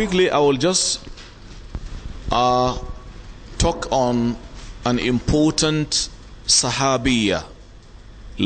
quickly, I will just uh, talk on an important Sahabiya